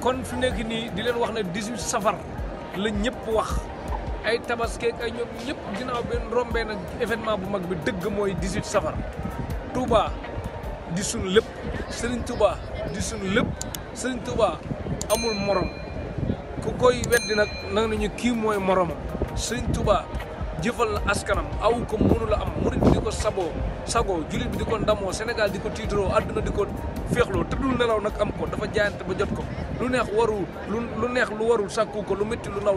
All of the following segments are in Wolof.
kon fi nekk nii di leen wax ne 18 safar la ñëpp wax ay tabaskeeg ay ñoom ñëpp ginnaaw benn rombee nag événement bu mag bi dëgg mooy 18 safar Touba di sunu lépp sëriñ Touba di sunu lépp Serigne Touba amul morom ku koy weddi nag nag nañu kii mooy moromam Serigne Touba jëfal na askanam aw ko mënu la am murit bi di ko saboo sagoo jullit bi di ko ndamoo Sénégal di ko tiitaroo àdduna di ko féexloo dul nelaw nag am ko dafa jaayante ba jot ko lu neex waru lu neex lu warul sàkku ko lu métti lu naw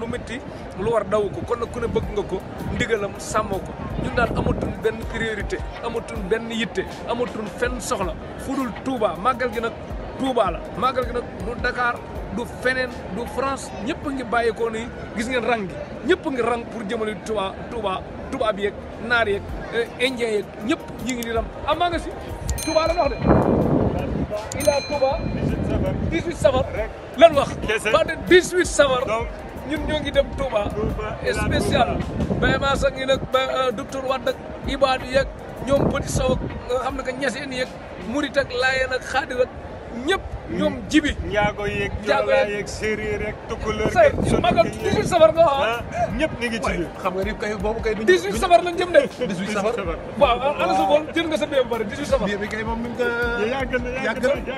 lu métti lu war daw ko kon na ku ne bëgg nga ko ndigalam sàmm ko ñun daal amatuñ benn priorité amatuñ benn yitte amatuñ fenn soxla fu dul Touba màggal gi nag Touba la màggal gi nag du Dakar du feneen du France ñëpp ngi bàyyeekoo nii gis ngeen rang gi ñëpp ngi rang pour jëmale Touba Touba tubaab yeeg naar yi eh, indien yeeg ñëpp ñu ngi di ram am nga si Touba la de ila Touba 18 safar lan wax ba de 18 safar ñun ñoo ngi dem Touba spécial Baye sa ngi nag euh, docteur Wade ak Ibaadu yeeg ñoom Petit Sow ak nga xam ne que Ñaseen yeeg Murit ak Laayeen ak ñëpp ñoom jibi njaago yeeg joolaa yeeg séeréer yeeg tukkuleur magal 18 safar nga ah eh. ñëpp ñu ngi ci xam nga ni kay boobu kay 18 safar lañ jëm de 18 safar waaw ah, ana sa bool jël nga sa biir ba pare 18 safar biir bi kay moom mi nga yàgg na yàgg na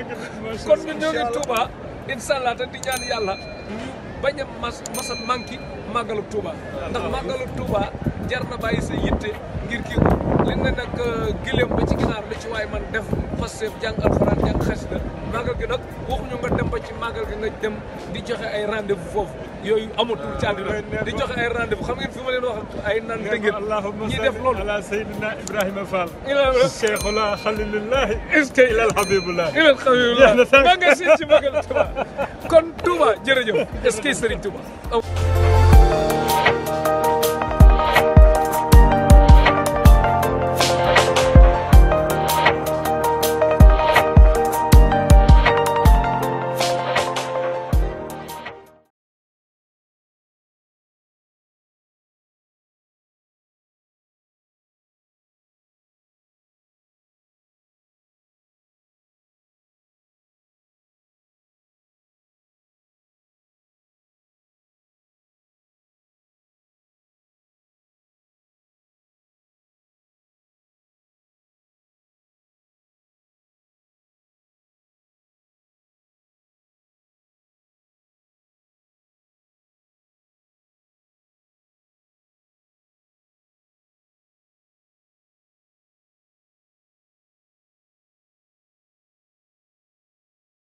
kon ñu ñoo ngi yàlla ñu bañ a mas masa ndax màggalu Touba jar na bàyyi sa yitte ngir kii ko li ne nag euh, gileem ba ci ginaar la ci waay man def fas seef jàng alxuraan jàng xasida màggal gi nag waxuñu nga dem ba ci màggal gi nga dem di joxe ay rendez-vous foofu yooyu amatul ci àddina di joxe ay rendez-vous xam ngeen fi ma leen wax ay nan dëggeen ñi def loolu ala sayyidina Ibrahima Fall cheikhuna xalilullah iska ilal habibullah ilal habibullah ba nga seen ci màggal Touba kon Touba jërëjëf est-ce que Serigne Touba